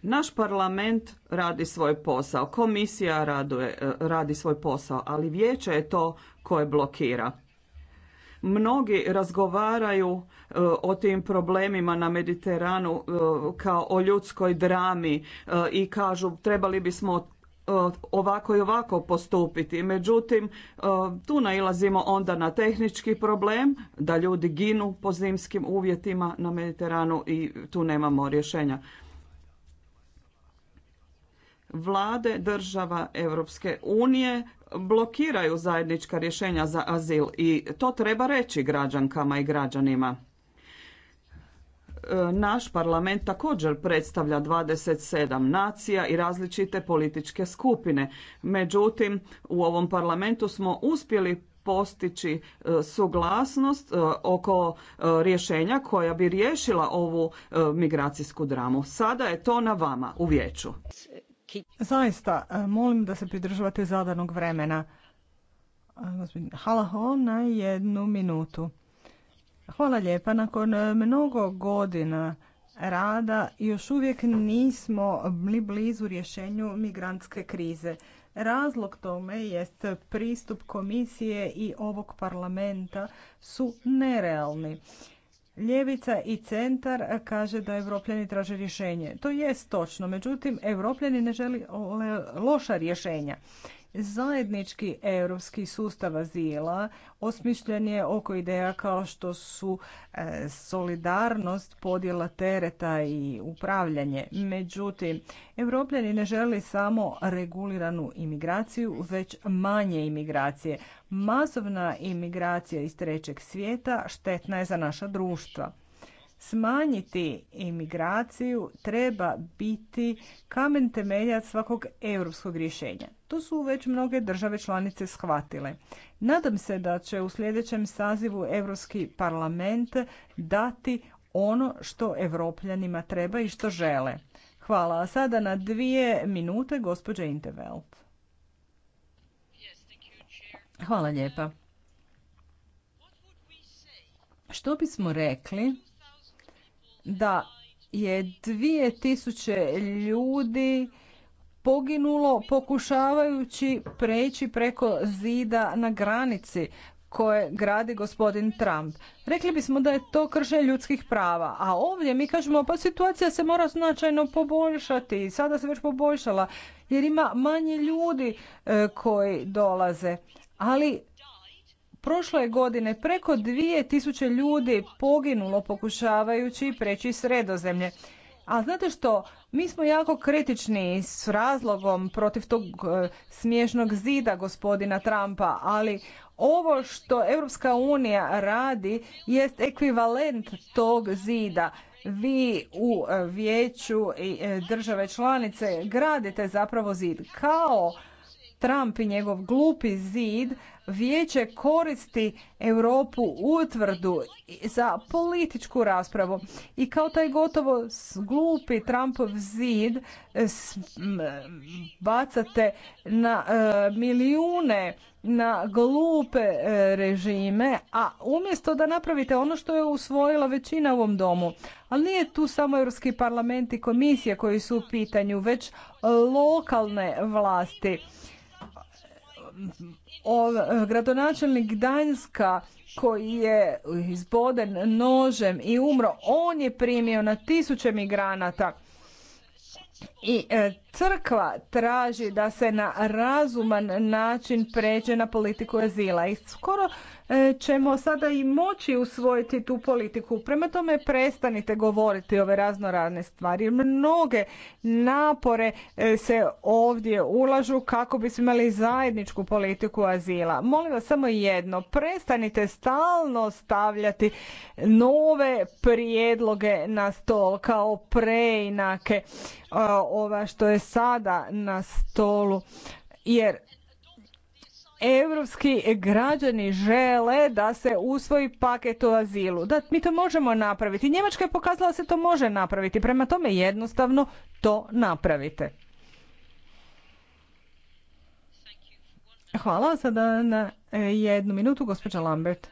Naš parlament radi svoj posao, komisija e, radi svoj posao, ali vijeće je to koje blokira. Mnogi razgovaraju e, o tim problemima na Mediteranu e, kao o ljudskoj drami e, i kažu trebali bismo ovako i ovako postupiti. Međutim, tu nailazimo onda na tehnički problem da ljudi ginu po zimskim uvjetima na Mediteranu i tu nemamo rješenja vlade država Europske unije blokiraju zajednička rješenja za azil i to treba reći građankama i građanima. E, naš parlament također predstavlja 27 nacija i različite političke skupine. Međutim, u ovom parlamentu smo uspjeli postići e, suglasnost e, oko rješenja koja bi riješila ovu migracijsku dramu. Sada je to na vama u vijeću. Zaista, e, molim da se pridržavate zadanog vremena. E, Halaho na jednu minutu. Hvala lijepa. Nakon e, mnogo godina rada još uvijek nismo bili blizu rješenju migrantske krize. Razlog tome jest pristup komisije i ovog parlamenta su nerealni. Ljevica i centar kaže da evropljani traže rješenje. To je točno, međutim evropljani ne žele loša rješenja. Zajednički europski sustav azila osmišljen je oko ideja kao što su e, solidarnost, podjela tereta i upravljanje. Međutim, Evropljani ne želi samo reguliranu imigraciju, već manje imigracije. Masovna imigracija iz trećeg svijeta štetna je za naša društva. Smanjiti imigraciju treba biti kamen temelja svakog europskog rješenja. To su već mnoge države članice shvatile. Nadam se da će u sljedećem sazivu Europski parlament dati ono što evropljanima treba i što žele. Hvala. sada na dvije minute gospođa Intervelt. Hvala lijepa. Što bismo rekli da je dvije tisuće ljudi poginulo pokušavajući preći preko zida na granici koje gradi gospodin Trump. Rekli bismo da je to kršenje ljudskih prava, a ovdje mi kažemo pa situacija se mora značajno poboljšati i sada se već poboljšala jer ima manje ljudi e, koji dolaze. Ali prošle godine preko 2000 ljudi poginulo pokušavajući preći sredozemlje. A znate što, mi smo jako kritični s razlogom protiv tog e, smiješnog zida gospodina Trumpa, ali ovo što Europska unija radi jest ekvivalent tog zida. Vi u e, vijeću i e, države članice gradite zapravo zid kao Trump i njegov glupi zid vijeće koristi Europu utvrdu za političku raspravu. I kao taj gotovo glupi Trumpov zid bacate na e, milijune na glupe e, režime, a umjesto da napravite ono što je usvojila većina u ovom domu. Ali nije tu samo Europski parlament i komisije koji su u pitanju, već lokalne vlasti gradonačelnik Gdańska koji je izboden nožem i umro, on je primio na tisuće migranata i e, crkva traži da se na razuman način pređe na politiku azila i skoro e, ćemo sada i moći usvojiti tu politiku. Prema tome prestanite govoriti ove raznorazne stvari. Mnoge napore e, se ovdje ulažu kako bismo imali zajedničku politiku azila. Molim vas samo jedno, prestanite stalno stavljati nove prijedloge na stol kao preinake ova što je sada na stolu jer europski građani žele da se usvoji paket o azilu. Da, mi to možemo napraviti. Njemačka je pokazala da se to može napraviti. Prema tome jednostavno to napravite. Hvala. Sada na eh, jednu minutu gospođa Lambert.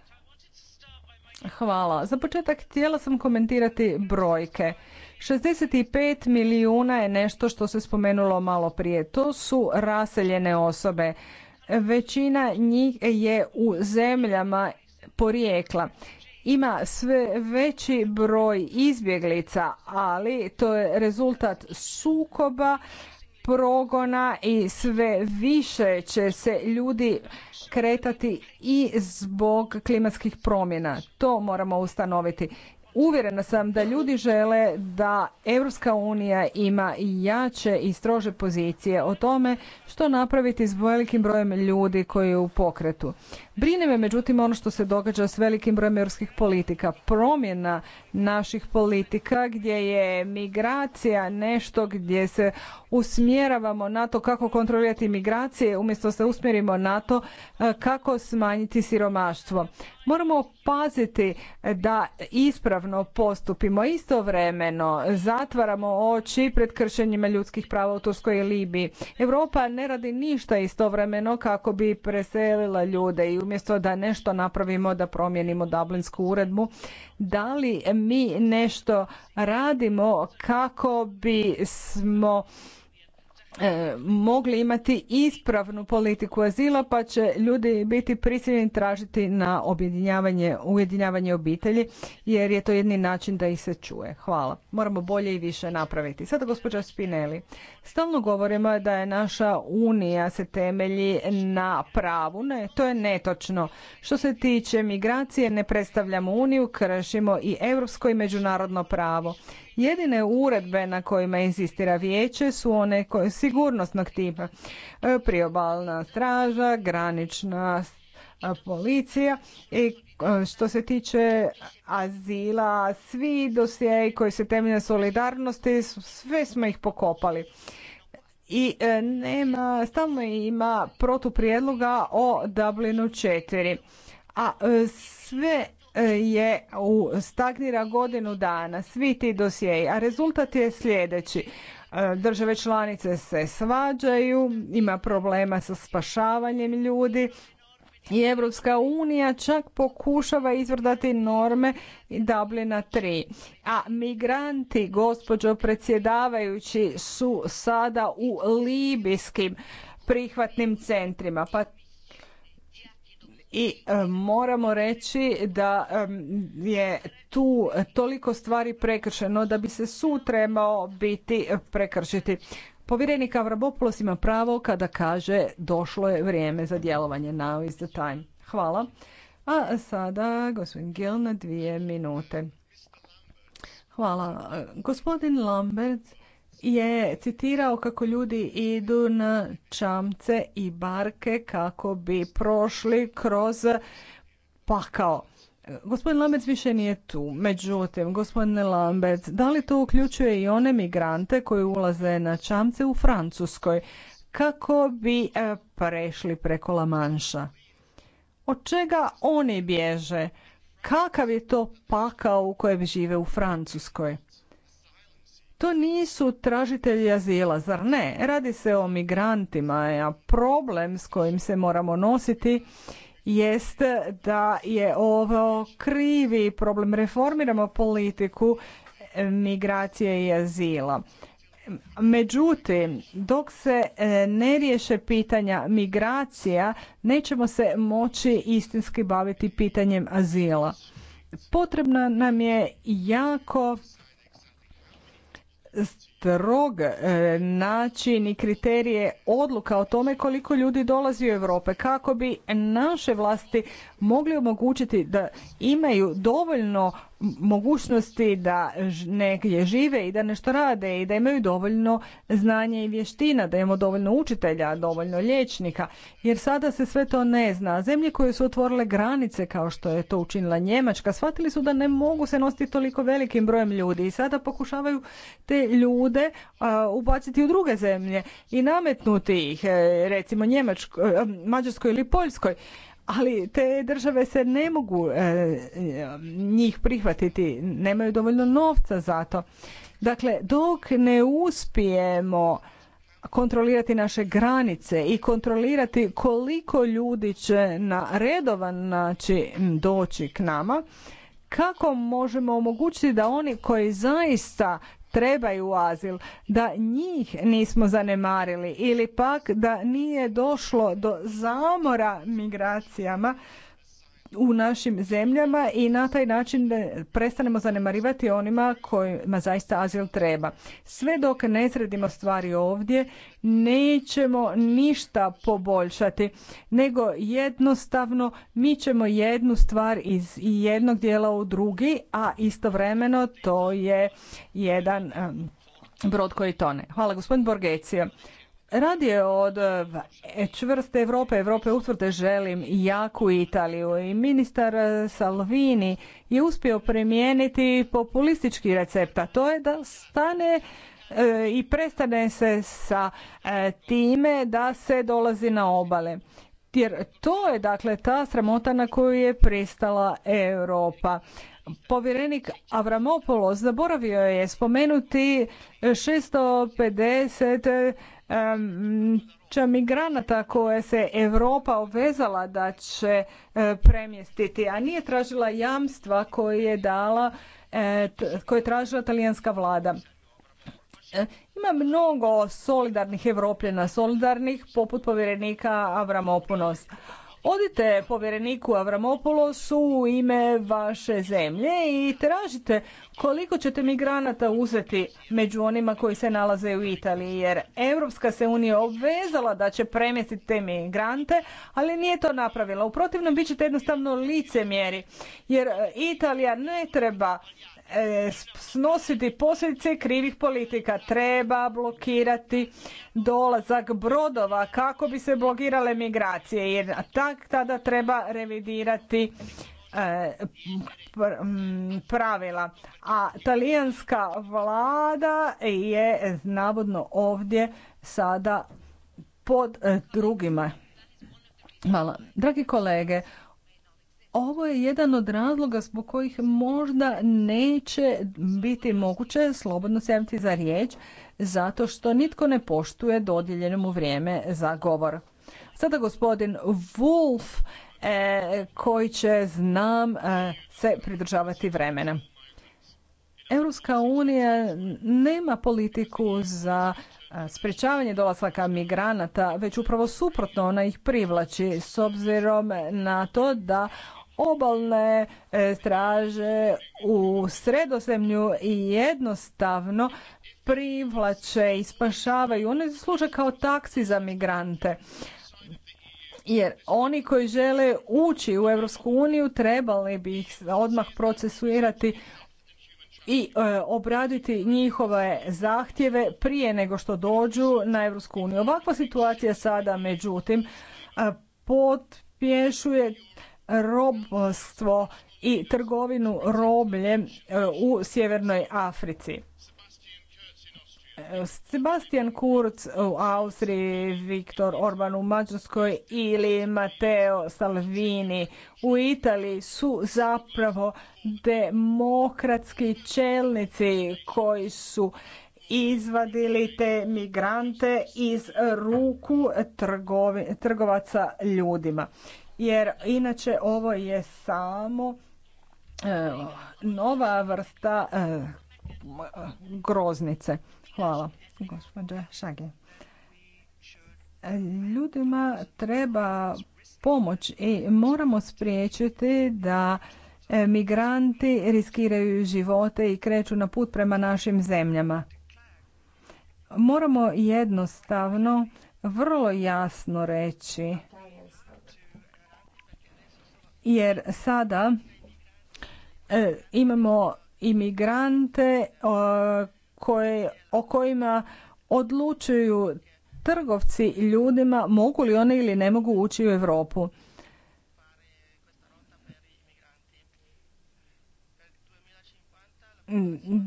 Hvala. Za početak htjela sam komentirati brojke. 65 milijuna je nešto što se spomenulo malo prije. To su raseljene osobe. Većina njih je u zemljama porijekla. Ima sve veći broj izbjeglica, ali to je rezultat sukoba progona i sve više će se ljudi kretati i zbog klimatskih promjena. To moramo ustanoviti. Uvjerena sam da ljudi žele da Europska unija ima jače i strože pozicije o tome što napraviti s velikim brojem ljudi koji je u pokretu. Brine me međutim ono što se događa s velikim brojem europskih politika. Promjena naših politika gdje je migracija nešto gdje se usmjeravamo na to kako kontrolirati migracije umjesto se usmjerimo na to eh, kako smanjiti siromaštvo. Moramo paziti da ispravno postupimo istovremeno, zatvaramo oči pred kršenjima ljudskih prava u Turskoj Libiji. Europa ne radi ništa istovremeno kako bi preselila ljude i umjesto da nešto napravimo, da promijenimo Dublinsku uredbu, da li mi nešto radimo kako bi smo E, mogli imati ispravnu politiku azila pa će ljudi biti prisiljeni tražiti na objedinjavanje, ujedinjavanje obitelji jer je to jedni način da ih se čuje. Hvala. Moramo bolje i više napraviti. Sada gospođa Spinelli. Stalno govorimo da je naša unija se temelji na pravu. Ne, to je netočno. Što se tiče migracije ne predstavljamo uniju, kršimo i europsko i međunarodno pravo. Jedine uredbe na kojima insistira vijeće su one koje sigurnosnog tipa. E, priobalna straža, granična policija i e, što se tiče azila, svi dosjei koji se temelje solidarnosti, sve smo ih pokopali. I e, nema, stalno ima protuprijedloga o Dublinu 4. A sve je u stagnira godinu dana, svi ti dosjeji, a rezultat je sljedeći. E, države članice se svađaju, ima problema sa spašavanjem ljudi, i Evropska unija čak pokušava izvrdati norme Dublina 3. A migranti, gospođo predsjedavajući, su sada u libijskim prihvatnim centrima. Pa i e, moramo reći da je tu toliko stvari prekršeno da bi se sud trebao biti prekršiti. Povjerenik Avrabopulos ima pravo kada kaže došlo je vrijeme za djelovanje. Now is the time. Hvala. A sada gospodin Gil na dvije minute. Hvala. Gospodin Lambert je citirao kako ljudi idu na čamce i barke kako bi prošli kroz pakao. Gospodin Lambec više nije tu. Međutim, gospodine Lambec, da li to uključuje i one migrante koji ulaze na čamce u Francuskoj kako bi e, prešli preko La manša? Od čega oni bježe? Kakav je to pakao u kojem žive u Francuskoj? To nisu tražitelji azila, zar ne? Radi se o migrantima, a problem s kojim se moramo nositi jest da je ovo krivi problem. Reformiramo politiku migracije i azila. Međutim, dok se e, ne riješe pitanja migracija, nećemo se moći istinski baviti pitanjem azila. Potrebna nam je jako strog e, način i kriterije odluka o tome koliko ljudi dolazi u Europe kako bi naše vlasti mogli omogućiti da imaju dovoljno mogućnosti da negdje žive i da nešto rade i da imaju dovoljno znanja i vještina, da imamo dovoljno učitelja, dovoljno liječnika, jer sada se sve to ne zna. Zemlje koje su otvorile granice kao što je to učinila Njemačka, shvatili su da ne mogu se nositi toliko velikim brojem ljudi i sada pokušavaju te ljude a, ubaciti u druge zemlje i nametnuti ih, e, recimo Njemačkoj, e, Mađarskoj ili Poljskoj ali te države se ne mogu e, e, njih prihvatiti, nemaju dovoljno novca za to. Dakle, dok ne uspijemo kontrolirati naše granice i kontrolirati koliko ljudi će na redovan način doći k nama, kako možemo omogućiti da oni koji zaista trebaju azil, da njih nismo zanemarili ili pak da nije došlo do zamora migracijama u našim zemljama i na taj način prestanemo zanemarivati onima kojima zaista azil treba. Sve dok ne sredimo stvari ovdje, nećemo ništa poboljšati, nego jednostavno mi ćemo jednu stvar iz jednog dijela u drugi, a istovremeno to je jedan brod koji tone. Hvala gospodin Borgecija je od e, čvrste Europe, Europe utvrde želim jaku Italiju i ministar e, Salvini je uspio primijeniti populistički recept, a to je da stane e, i prestane se sa time da se dolazi na obale. Jer to je dakle ta sramota na koju je pristala Europa. Povjerenik Avramopoulos zaboravio je spomenuti 650 migranata koje se Evropa obvezala da će e, premjestiti, a nije tražila jamstva koje je dala, e, koje je tražila talijanska vlada. E, ima mnogo solidarnih Evropljena, solidarnih poput povjerenika Avramopunos. Odite povjereniku Avramopolosu u ime vaše zemlje i tražite koliko ćete migranata uzeti među onima koji se nalaze u Italiji jer Europska se unija obvezala da će premjestiti te migrante, ali nije to napravila. U protivnom bit ćete jednostavno licemjeri jer e, Italija ne treba E, snositi posljedice krivih politika. Treba blokirati dolazak brodova kako bi se blokirale migracije jer tak tada treba revidirati e, pravila. A talijanska vlada je navodno ovdje sada pod e, drugima. Hvala. Dragi kolege, ovo je jedan od razloga zbog kojih možda neće biti moguće slobodno se javiti za riječ, zato što nitko ne poštuje dodijeljeno mu vrijeme za govor. Sada gospodin Wolf, e, koji će, znam, e, se pridržavati vremena. Europska unija nema politiku za e, sprečavanje dolaslaka migranata, već upravo suprotno ona ih privlači s obzirom na to da obalne e, straže u sredozemlju i jednostavno privlače i spašavaju. One služe kao taksi za migrante. Jer oni koji žele ući u Europsku uniju trebali bi ih odmah procesuirati i e, obraditi njihove zahtjeve prije nego što dođu na Europsku uniju. Ovakva situacija sada međutim e, potpješuje robstvo i trgovinu robljem e, u Sjevernoj Africi. Sebastian Kurz u Austriji, Viktor Orban u Mađarskoj ili Matteo Salvini u Italiji su zapravo demokratski čelnici koji su izvadili te migrante iz ruku trgovaca ljudima jer inače ovo je samo e, nova vrsta e, groznice. Hvala, gospođa Šage. Ljudima treba pomoć i moramo spriječiti da e, migranti riskiraju živote i kreću na put prema našim zemljama. Moramo jednostavno vrlo jasno reći jer sada e, imamo imigrante o, e, koje, o kojima odlučuju trgovci ljudima mogu li one ili ne mogu ući u Europu.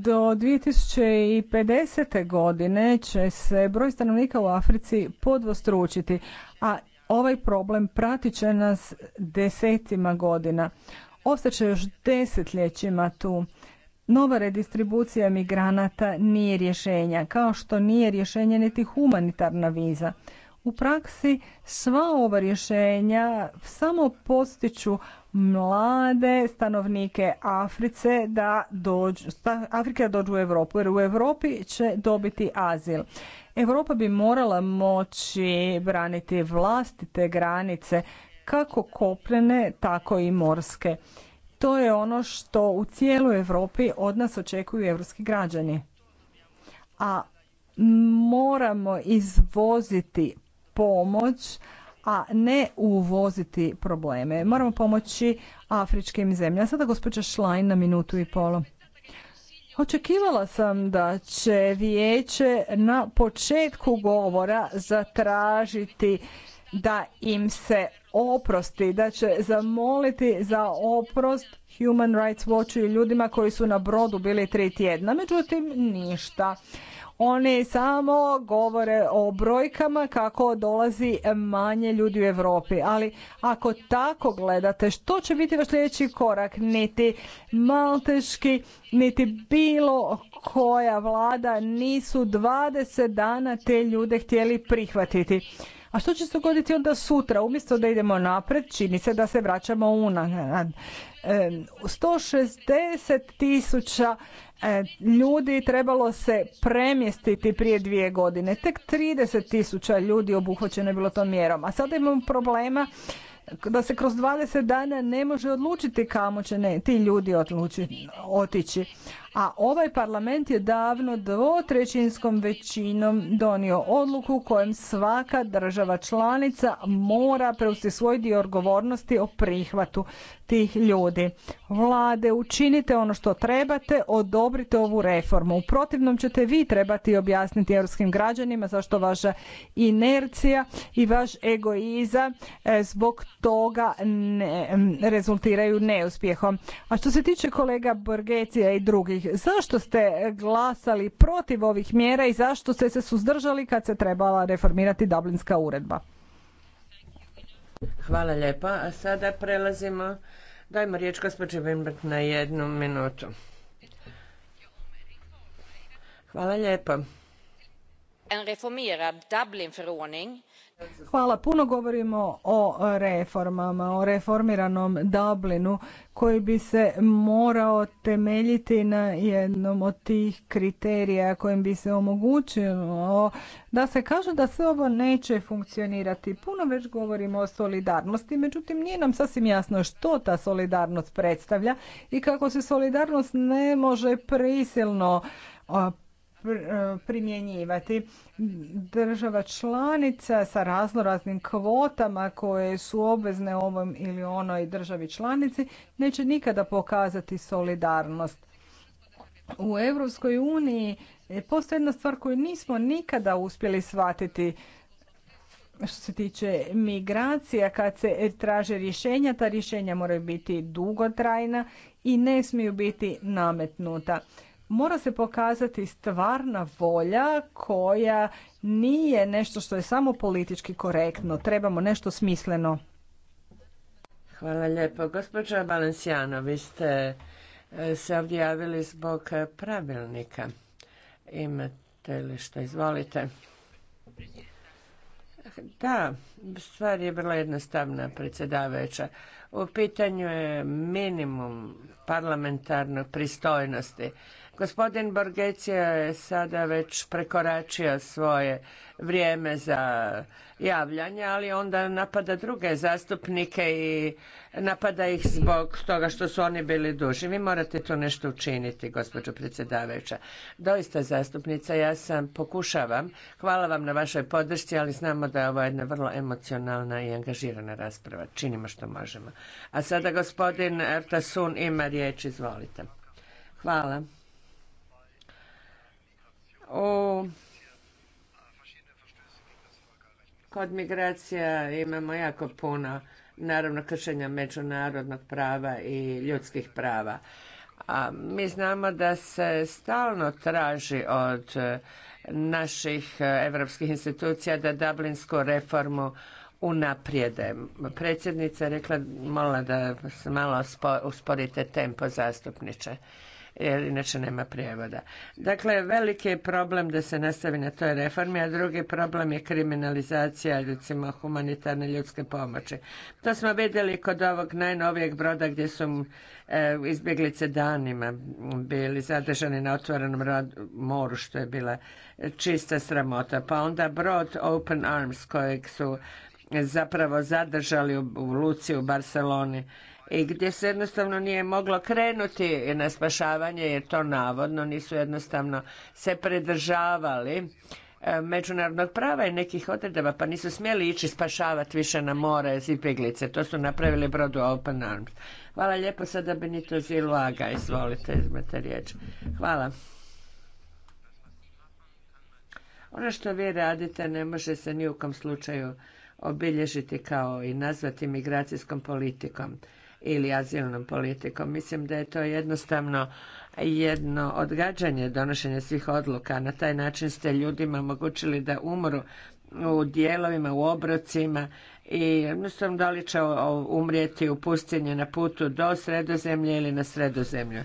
Do 2050. godine će se broj stanovnika u Africi podvostručiti, a Ovaj problem pratit će nas desetima godina. Ostaće još desetljećima tu. Nova redistribucija migranata nije rješenja, kao što nije rješenje niti humanitarna viza. U praksi sva ova rješenja samo postiću mlade stanovnike Africe da dođu, Afrika dođu u Europu jer u Europi će dobiti azil. Europa bi morala moći braniti vlastite granice kako kopnene, tako i morske. To je ono što u cijeloj Europi od nas očekuju europski građani. A moramo izvoziti pomoć, a ne uvoziti probleme. Moramo pomoći afričkim zemljama. Sada gospođa Šlajn na minutu i polo. Očekivala sam da će vijeće na početku govora zatražiti da im se oprosti, da će zamoliti za oprost Human Rights Watchu i ljudima koji su na brodu bili tri tjedna. Međutim, ništa. Oni samo govore o brojkama kako dolazi manje ljudi u Europi. Ali ako tako gledate, što će biti vaš sljedeći korak? Niti malteški, niti bilo koja vlada nisu 20 dana te ljude htjeli prihvatiti. A što će se dogoditi onda sutra? Umjesto da idemo napred, čini se da se vraćamo unad. 160 tisuća e, ljudi trebalo se premjestiti prije dvije godine. Tek 30 tisuća ljudi obuhvaćeno je bilo tom mjerom. A sada imamo problema da se kroz 20 dana ne može odlučiti kamo će ti ljudi odluči, otići a ovaj parlament je davno dvotrećinskom većinom donio odluku kojom svaka država članica mora preuzeti svoj dio odgovornosti o prihvatu tih ljudi. Vlade, učinite ono što trebate, odobrite ovu reformu. U protivnom ćete vi trebati objasniti europskim građanima zašto vaša inercija i vaš egoiza e, zbog toga ne, rezultiraju neuspjehom. A što se tiče kolega Borgecija i drugih, Zašto ste glasali protiv ovih mjera i zašto ste se suzdržali kad se trebala reformirati Dublinska uredba? Hvala lijepa. A sada prelazimo, dajmo riječ gospođe Wimbert, na jednu minutu. Hvala lijepa. Hvala. Puno govorimo o reformama, o reformiranom Dublinu koji bi se morao temeljiti na jednom od tih kriterija kojim bi se omogućilo da se kaže da sve ovo neće funkcionirati. Puno već govorimo o solidarnosti, međutim nije nam sasvim jasno što ta solidarnost predstavlja i kako se solidarnost ne može prisilno E, primjenjivati. Država članica sa raznoraznim kvotama koje su obvezne ovom ili onoj državi članici neće nikada pokazati solidarnost. U Europskoj uniji postoji jedna stvar koju nismo nikada uspjeli shvatiti što se tiče migracija, kad se traže rješenja, ta rješenja moraju biti dugotrajna i ne smiju biti nametnuta mora se pokazati stvarna volja koja nije nešto što je samo politički korektno. Trebamo nešto smisleno. Hvala lijepo. Gospođa Balencijano, vi ste e, se ovdje javili zbog pravilnika. Imate li što? Izvolite. Da, stvar je vrlo jednostavna, predsjedavajuća. U pitanju je minimum parlamentarnog pristojnosti Gospodin Borgecija je sada već prekoračio svoje vrijeme za javljanje, ali onda napada druge zastupnike i napada ih zbog toga što su oni bili duži. Vi morate to nešto učiniti, gospođo predsjedavajuća. Doista, zastupnica, ja sam pokušavam. Hvala vam na vašoj podršci, ali znamo da je ovo jedna vrlo emocionalna i angažirana rasprava. Činimo što možemo. A sada gospodin Ertasun ima riječ, izvolite. Hvala o kod migracija imamo jako puno naravno kršenja međunarodnog prava i ljudskih prava. A mi znamo da se stalno traži od e, naših europskih institucija da Dublinsku reformu unaprijede. Predsjednica je rekla, molila da se malo usporite tempo zastupniče jer inače nema prijevoda. Dakle, veliki je problem da se nastavi na toj reformi, a drugi problem je kriminalizacija, recimo, humanitarne ljudske pomoći. To smo vidjeli kod ovog najnovijeg broda gdje su e, izbjeglice danima bili zadržani na otvorenom moru, što je bila čista sramota. Pa onda brod Open Arms kojeg su zapravo zadržali u, u Luci u Barceloni i gdje se jednostavno nije moglo krenuti na spašavanje jer to navodno nisu jednostavno se pridržavali e, međunarodnog prava i nekih odredaba pa nisu smjeli ići spašavati više na more izbjeglice. To su napravili brodu Open Arms. Hvala lijepo. Sada Benito Ziluaga. Izvolite, izmete riječ. Hvala. Ono što vi radite ne može se ni u kom slučaju obilježiti kao i nazvati migracijskom politikom ili azilnom politikom. Mislim da je to jednostavno jedno odgađanje donošenja svih odluka. Na taj način ste ljudima omogućili da umru u dijelovima, u obrocima i jednostavno da li će umrijeti u pustinje na putu do sredozemlje ili na sredozemlju.